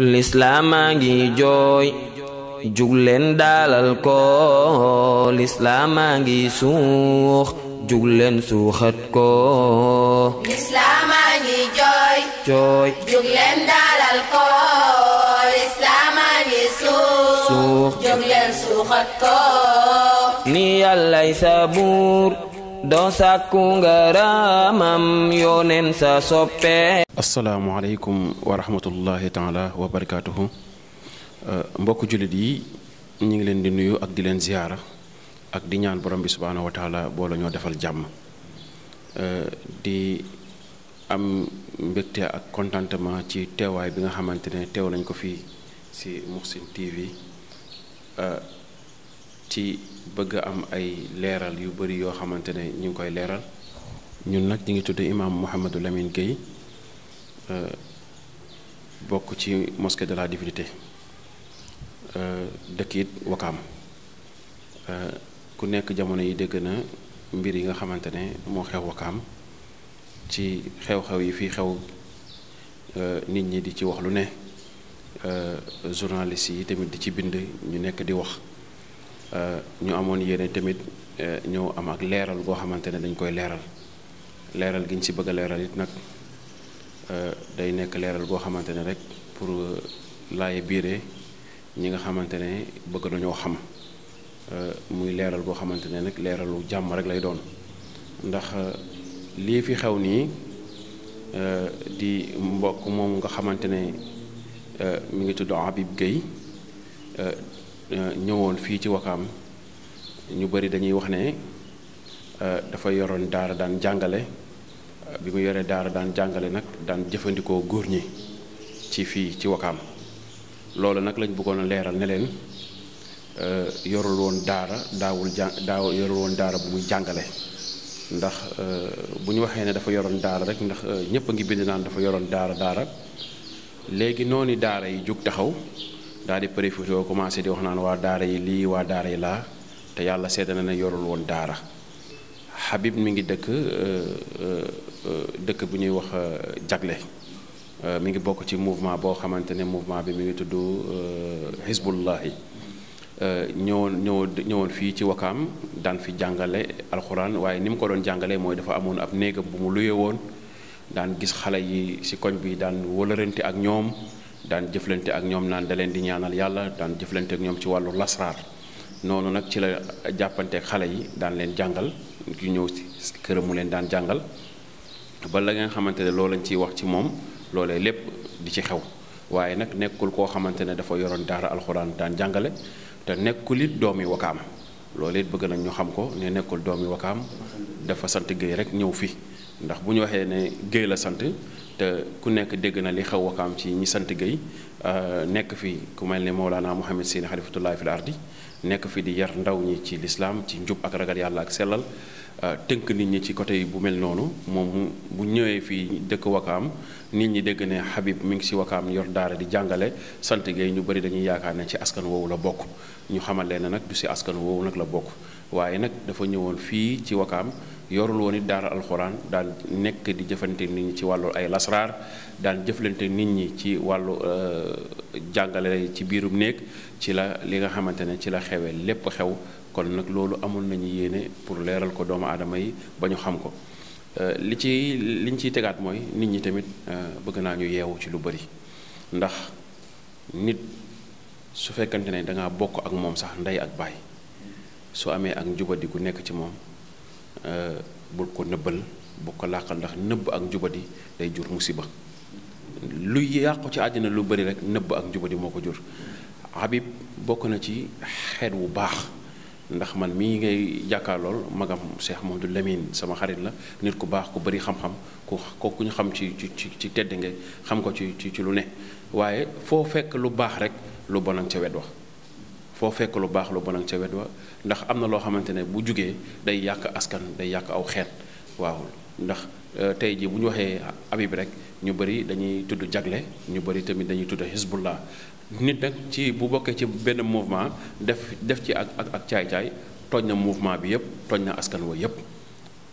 lislaamaa ngi jooy jugleen daalal ko lislaamaa ngi suux jugleen suuxat ko ni yàllay sabuur doo sàkku ngaramam yoneen sa soppe asalaamualeykum wa rahmatullahi taala wa uh, mbokk jullit yi ñu ngi leen di nuyu ak di leen ziyaara ak di ñaan borom bi subhaanahu wa taala boo ñoo defal jàmm uh, di am mbégte ak contentement ci teewaay bi nga xamante ne teew nañ ko fii si Moukhsine TV uh, ci bëgg am ay leeral yu bari yoo xamante ne ñu ngi koy leeral ñun nag ñu ngi tudd imaam Mouhamadou Lamine Gueye euh, bokk ci mosquée de la divinité euh, dëkk it Wakaam euh, ku nekk jamono yi dégg na mbir yi nga xamante ne moo xew Wakaam ci xew-xew yi fii xew nit ñi di ci wax lu ne journaliste yi tamit di ci bind ñu nekk di wax Euh, ñu amoon yéene tamit euh, ñëw am ak leeral goo xamante ne dañ koy leeral leeral gi ñu ci bëgg a leeral it nag euh, day nekk leeral goo xamante ne rek pour laay biire ñi nga xamante ne bëgg nañoo xam muy leeral goo xamante ne nag leeralu jàmm rek lay doon ndax lii fi xew nii di mbokk moom nga xamante ne mi ngi tudd Habib géey ñëwoon fii ci Wakaam ñu bari dañuy wax ne euh, dafa yoroon daara daan jàngale bi mu yoree daara daan jàngale nag daan jëfandikoo góor ñi ci fii ci Wakaam loolu nag lañ bëggoon a leeral ne leen euh, yorul woon daara daawul jàng daaw yorul woon daara bu muy jàngale ndax euh, bu ñu waxee ne dafa yoroon daara rek ndax ñëpp a ngi bind naan dafa yoroon daara daara léegi noonu daara yi jóg taxaw daal di profité commencé di wax naan waa daara yi lii waa daara yi laa te yàlla seede na ne yorul woon daara Habib mi ngi dëkk euh, euh, dëkk bu ñuy wax jagle euh, mi ngi bokk ci mouvement boo xamante ne mouvement bi mi ngi tudd Hizbullahi ñëwoon ñëwoon ñëwoon fii ci wakaam daan fi jàngale alxuraan waaye ni mu ko doon jàngalee mooy dafa amoon ab néegam bu mu luye woon daan gis xale yi ci koñ bi daan wëlërante ak ñoom. daan jëflante ak ñoom naan da leen di ñaanal yàlla daan jëflante ak ñoom ci wàllu lasraar noonu nag ci la jàppanteeg xale yi daan leen jàngal yu ñëw si këram mu leen daan jàngal ba la nga xamante ne loolu lañ ciy wax ci moom loolee lépp di ci xew waaye nag nekkul koo xamante ne dafa yoroon daara alxuraan daan jàngale te nekkul it doomi wakaam loolu it bëgg nañ ñu xam ko ne nekkul doomi wakaam dafa sant géey rek ñëw fi ndax bu ñu waxee ne géey la sant te ku nekk dégg na li xew wakaam ci ñi sant Guèye euh, nekk fi ku mel ne Mawlana Mouhamed Sine xalifatullahi fil ardi nekk fi di yar ndaw ñi ci lislaam ci njub ak ragal yàlla ak sellal euh, tënk nit ñi ci côté bu mel noonu moom bu ñëwee fii dëkk wakaam nit ñi dégg ne Habib mi ngi si wakaam yor daara di jàngale sant Guèye ñu bari dañuy yaakaar ne ci askan woowu la bokk ñu xamal leen nag du si askan woowu nag la bokk waaye nag dafa ñëwoon fii ci wakaam yoruloo nit it daara alxuraan daan nekk di jëfante nit ñi ci wàllu ay lasraar daan jëflante nit ñi ci wàllu euh, jàngale ci biirum néeg ci la li nga xamante ne ci la xewee lépp xew kon nag loolu amul nañu yéene pour leeral ko doomu aadama yi ba ñu xam ko euh, li ci liñ ciy tegaat mooy nit ñi tamit euh, bëgg naa ñu yeewu ci lu bari ndax nit su fekkante ne danga bokk ak moom sax ndey ak baay su amee ak njubadi gu nekk ci moom Euh, bul ko nëbbal bu ko làqal ndax nëbb ak njubadi day jur musiba lu yàqu ci àddina lu bari rek nëbb ak di moo ko jur Habib bokk na ci xeet wu baax ndax man mii ngay jàkkaar lool magam Cheikh du lemin sama xarit la nit ku baax ku bari xam-xam ku ko ku ñu xam ci ci ci tedd xam ko ci ci ci lu ne waaye foo fekk lu baax rek lu bonan ca wet wax foo fekk lu baax lu bon ca wet wa ndax am na loo xamante ne bu jugee day yàq askan day yàq aw xeet waaw ndax euh, tey jii bu ñu waxee Habib rek ñu bëri dañuy tudd jagle ñu bëri tamit dañuy tudd Hizbullah nit nag ci bu bokkee ci benn mouvement def def ci ak ak ak caay-caay tooñ na mouvement bi yëpp tooñ na askan wa yëpp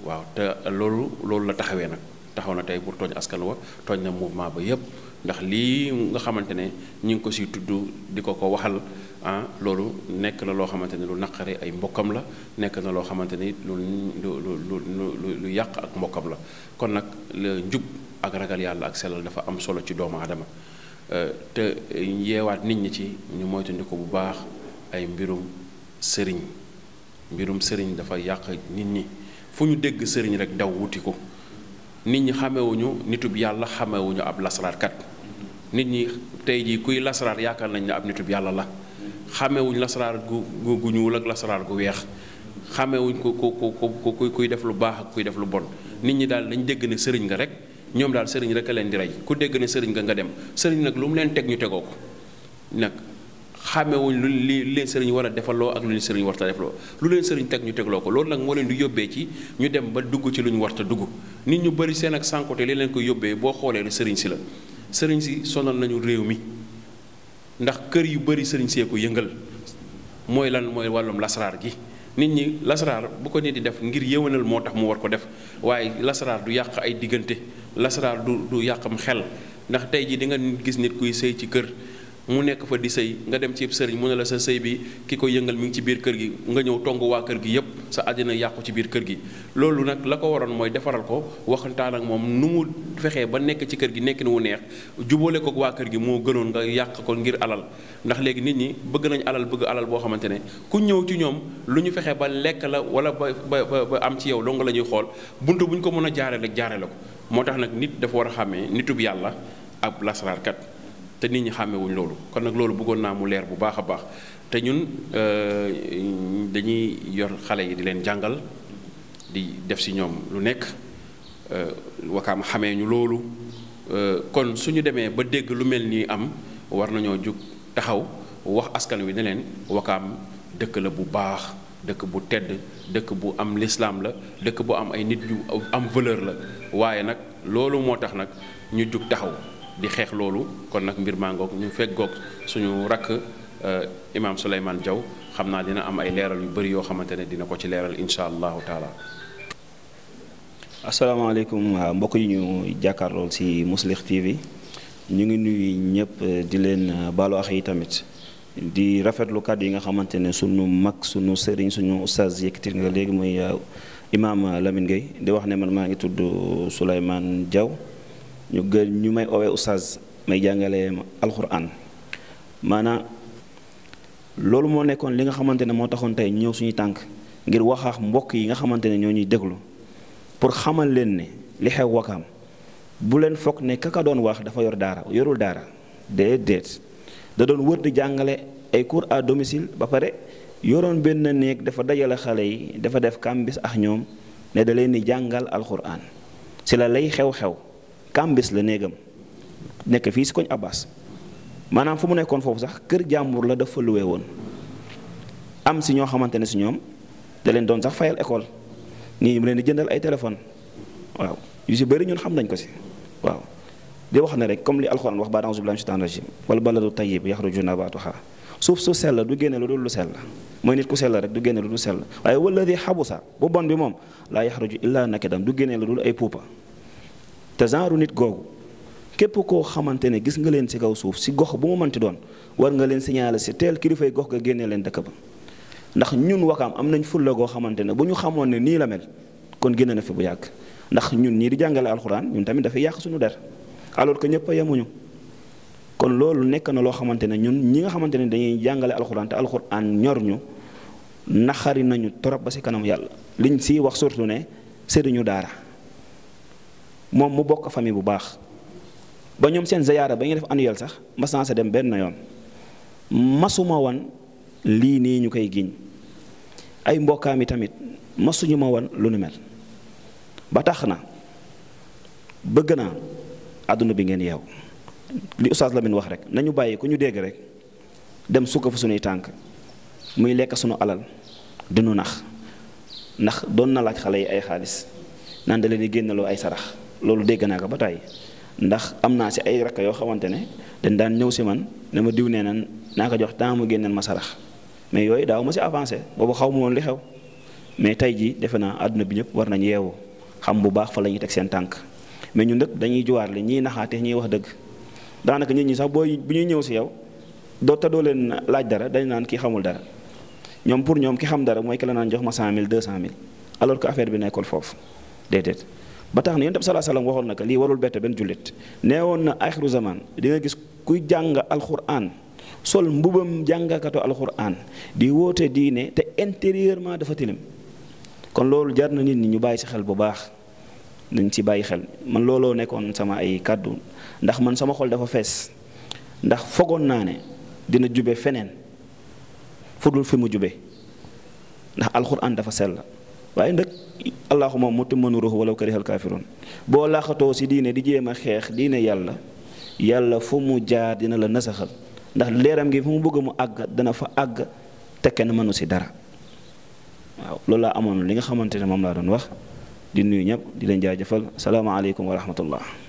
waaw te loolu loolu la taxawee nag taxaw na tey pour tooñ askan wa tooñ na mouvement ba yëpp ndax lii nga xamante ne ñu ngi ko si tudd di ko ko waxal ah loolu nekk na loo xamante ne lu naqare ay mbokkam la nekk na loo xamante ne lu lu yàq ak mbokkam la kon nag njub ak ragal yàlla ak sellal dafa am solo ci doomu adama euh, te yeewaat nit ñi ci ñu moytandiku bu baax ay mbirum sëriñ mbirum sëriñ dafa yàq nit ñi fu ñu dégg sëriñ rek daw wuti ko nit ñi xamewuñu nitub yàlla xamewuñu ab lasraarkat nit ñi tey jii kuy lasaraar yaakaar nañ ne ab nitub yàlla la xamewuñ lasaraar gu gu ñuul ak lasaraar gu weex xamewuñ ko ku ku ku kuy def lu baax ak kuy def lu bon nit ñi daal nañ dégg ne sëriñ nga rek ñoom daal sëriñ rek a leen di rey ku dégg ne sëriñ nga nga dem sëriñ nag lu mu leen teg ñu tegoo ko nag xàmmewuñ lu li leen sëriñ war a defaloo ak lu leen sëriñ warta defaloo lu leen sëriñ teg ñu tegloo ko loolu nag moo leen di yóbbee ci ñu dem ba dugg ci lu ñu warta dugg nit ñu bari seen ak sànkote li leen ko yóbbee boo xoolee ne sëriñ si la sëriñ si sonal nañu réew mi ndax kër yu bëri sëriñ see ko yëngal mooy lan mooy wàllum lasaraar gi nit ñi lasaraar bu ko nit di def ngir yéwénal moo tax mu war ko def waaye lasaraar du yàq ay diggante lasaraar du du yàqam xel ndax tey jii di nga gis nit kuy sëy ci kër mu nekk fa di sëy nga dem ci sëriñ mu ne la sa sëy bi ki ko yëngal mi ci biir kër gi nga ñëw tong waa kër gi yépp sa àddina yàqu ci biir kër gi loolu nag la ko waroon mooy defaral ko waxantaan ak moom nu mu fexee ba nekk ci kër gi nekkin wu neex jubale ko waa kër gi moo gënoon nga yàq ko ngir alal ndax léegi nit ñi bëgg nañ alal bëgg alal boo xamante ne ku ñëw ci ñoom lu ñu fexe ba lekk la wala ba ba ba am ci yow dong la ñuy xool bunt bu ko mën a jaaree rek jaaree la ko moo tax nag nit dafa war a xàmmee nitub yàlla ab lasraarkat te nit ñi xàmmewuñ loolu kon nag loolu bëggoon naa mu leer bu baax a baax te ñun euh, dañuy yor xale yi di leen jàngal di def ci ñoom lu nekk euh, wakaam xamee ñu loolu euh, kon suñu demee ba dégg lu mel nii am war nañoo jug taxaw wax askan wi ne wakaam dëkk la bu baax dëkk bu tedd dëkk bu am lislaam la dëkk bu am ay nit yu am valeur la waaye nag loolu moo tax nag ñu jug taxaw di xeex loolu kon nag mbir màngook ñu ñu feggoog suñu rakk euh, imaam Souleymane Diaw xam naa dina am ay leeral yu bëri yoo xamante ne dina ko ci leeral incha allahu taala. asalaamaaleykum mbokk yi ñu jàkkaarlool si Mouslih TV ñu ngi nuyu ñëpp di leen euh, baalu ax yi tamit. di rafetlu kàddu yi nga xamante ne sunu mag suñu sëriñ suñu ustaz yëkkati nga léegi mooy euh, imaam Lamine Gueye di wax ne man maa ngi tudd Souleymane Diaw. ñu gën ñu may oowee oustaz may jàngale alxuraan maanaam loolu moo nekkoon li nga xamante ne moo taxoon tey ñëw suñu tànk ngir waxaax mbokk yi nga xamante ne ñoo ñuy déglu pour xamal leen ne li xew wakaam bu leen foog ne kaka doon wax dafa yor daara yorul daara déedéet da doon wër di jàngale ay cours à domicile ba pare yoroon benn néeg dafa dajale xale yi dafa def kàmbis ak ñoom ne da leen di jàngal alxuraan si la lay xew-xew kàmbis la néegam nekk fii si koñ Abbas maanaam fu mu nekkoon foofu sax kër jàmbur la dafa luwe woon am si ñoo xamante ne si ñoom da leen doon sax fayal école ñii mu leen di jëndal ay téléphone waaw yu si bëri ñun xam nañ ko si waaw di wax ne rek comme li alxuraan wax baat auzu billaahi mina shaytaani rajiim wal baladu tayyib yaxruju nabaatuha suuf su sell du génne lu dul lu sell mooy nit ku sell rek du génne lu dul dul ay puupa te genre nit googu képp koo xamante ne gis nga leen si kaw suuf si gox bu mu mënti doon war nga leen signaler si teel kilifay gox ga génne leen dëkk ba ndax ñun wakaam am nañ fulla goo xamante ne bu ñu xamoon ne nii la mel kon génne na fi bu yàgg ndax ñun ñii di jàngale alxuraan ñun tamit dafay yàq suñu der alors que ñëpp yemuñu kon loolu nekk na loo xamante ne ñun ñi nga xamante ne dañuy jàngale alxuraan te alxuraan ñor ñu naxari nañu torop ba si kanam yàlla liñ si wax surtout ne sëriñu daara. moom mu bokk famille bu baax ba ñoom seen ziyaara ba ñu def annuel sax mas sa dem benn yoon masuma wan lii nii ñu koy giñ ay mbokkaam yi tamit masuñu ma wan lu nu mel ba tax na bëgg naa àdduna bi ngeen yeew li Oustaz Lamine wax rek nañu bàyyi ku ñu dégg rek dem sukk fa suñuy tànk muy lekk sunu alal dinu nax ndax doon na laaj xale yi ay xaalis naan da leen di génnaloo ay sarax loolu dégg naa ko ba tàyyi ndax am naa si ay rakk yoo xamante ne dañ daan ñëw si man dama diw nee nan naa ko jox temps mu génneen ma sarax mais yooyu daaw ma si avancer boobu xaw ma woon li xew mais tey jii defe naa àdduna bi ñëpp war nañ yeewu xam bu baax fa la ñuy teg seen tànk mais ñun nag dañuy juwaar li ñiy naxaate ñiy wax dëgg daanaka nit ñi sax booy bu ñuy ñëw si yow doo te doo leen laaj dara dañ naan kii xamul dara ñoom pour ñoom ki xam dara mooy ki la naan jox ma 100000 200000 alors que affaire bi nekkul foofu déedéet ba tax na yonent bi salaa salaam waxoon na ko lii warul bette benn jullit nee woon na axiru zaman di gis kuy jàng alxuraan sol mbubam jàngakatu alxuraan di woote diine te intérieurement dafa tilim kon loolu jar na nit ñi ñu bàyyi si xel bu baax nañ ci bàyyi xel man looloo nekkoon sama ay kàddu ndax man sama xol dafa fees ndax fogoon naa ne dina jube feneen fu dul fi mu jube ndax alxuraan dafa sell waaye nag allahuma mutimma nuruhu walaw karihal kaafiroon boo laaxatoo si diine di jéem a xeex diine yàlla yàlla fu mu jaar dina la nasaxal ndax leeram gi fu mu bëgg mu àgg dana fa àgg te kenn mënu si dara waaw loolu laa amoon li nga xamante ne moom laa doon wax di nuyu ñëpp di leen jaajëfal salaamaaleykum wa rahmatullah